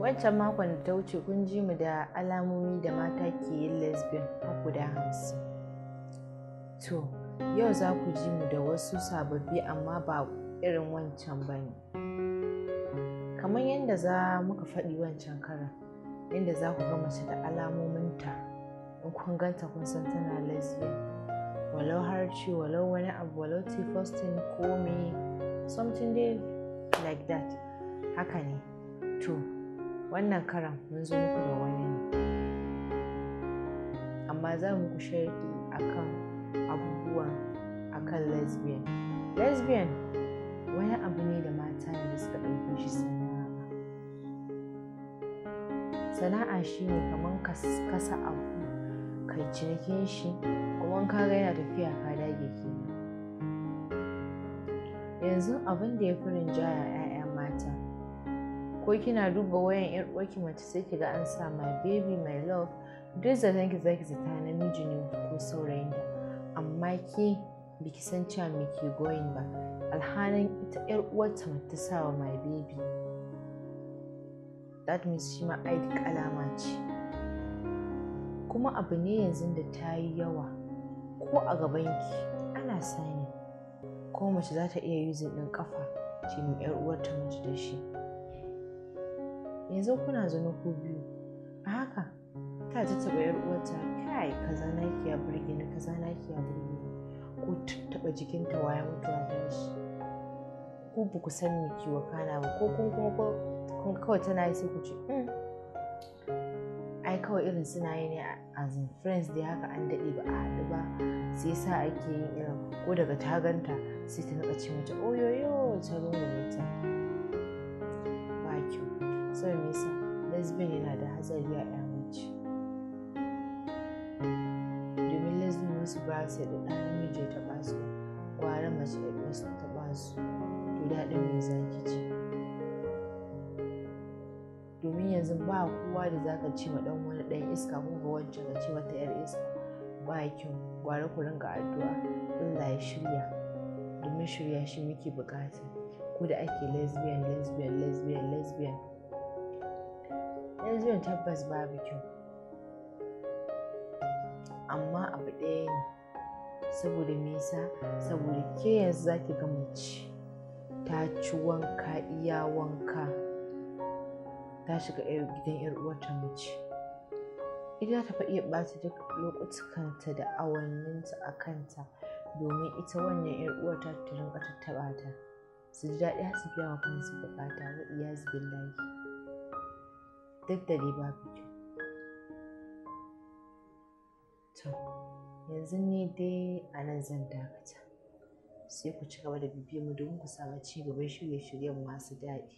wancan makon da ta wuce kun ji mu da alamomi da mata ke yin lesbian a guda hamsin to yau za ku ji mu da wasu sababbi amma ba irin wancan ba ne kamar yadda za muka faɗi wancan karan yadda za ku ga mace da alamominta in kun ganta kun san tana lesbian walau harci walau wani abu walau tifostin ko me something dai like that haka ne To, wannan karan mun zo muku da wani ne. Amma za mu a akan abubuwa akan lesbian. Lesbian wani abu ne da mata ne suka ɗauki shi sana'a. Sana'a shi ne kamar kasa abu kai cinikin shi kuma ka ga yana tafiya ka dage ke Yanzu abin da ya fi rinjaya 'ya'ya ko kina duba wayan yar uwarki mace sai kiga an sa my baby my love duk zaton ki zaki zata namiji ne ko saurayin da amma ke biki san cewa me ke goyin ba alhanin ita yar uwarta ta sa wa my baby that means shi ma ai kalama ce kuma abu ne yanzu da ta yi yawa ko a gabanki ana sani ko mace za ta iya yuzin ɗin kafa ce mai yar uwarta mace da shi yanzu kuna zaune ku biyu a haka ta ji taɓa yar uwarta kai kaza ki ya burge ni kaza ki ya burge ni ko taɓa jikinta waya mutuwa ta shi ko ba ku san miki wa kana ba ko kun kuma ko kun kawai tana yi sai ku ce hmm, ai kawai irin suna yi ne a zan friends dai haka an daɗe ba a haɗu ba sai sa ake yin irin ko daga ta ganta sai ta naɓa ce mata oyoyo ta rungume mutum saboda nisa lesbian yana da hatsari a ya mace domin lesbian wasu ba su da ɗan namiji ta ba su ware mace ya wasu ta ba su to daɗi mai zaki ce domin yanzu ba kowa da zaka ce ma ɗan wani ɗan iska ko ga wancan ka ce mata yar iska ba kyau gwara ku ringa addu'a Allah ya shirya domin shirya shi muke bukata ko da ake lesbian lesbian lesbian lesbian ɗan zuwan tabbas babu kyau amma abu ɗaya ne saboda nisa, saboda ke yanzu za ki ga mace ta ci wanka iya wanka ta shiga gidan yar uwarta mace ita ta fa iya ɓata duk lokutukanta da awanninta a kanta domin ita wannan yar uwarta ta rinka tattaɓa ta su ji daɗi har su biya wa kansu bukata wa zubin lafiya. duk da dai babu kyau to yanzu ni dai a nan zan dakata sai ku ci gaba da bibiyar mu domin ku samu ci gaban shirye-shiryen masu daɗi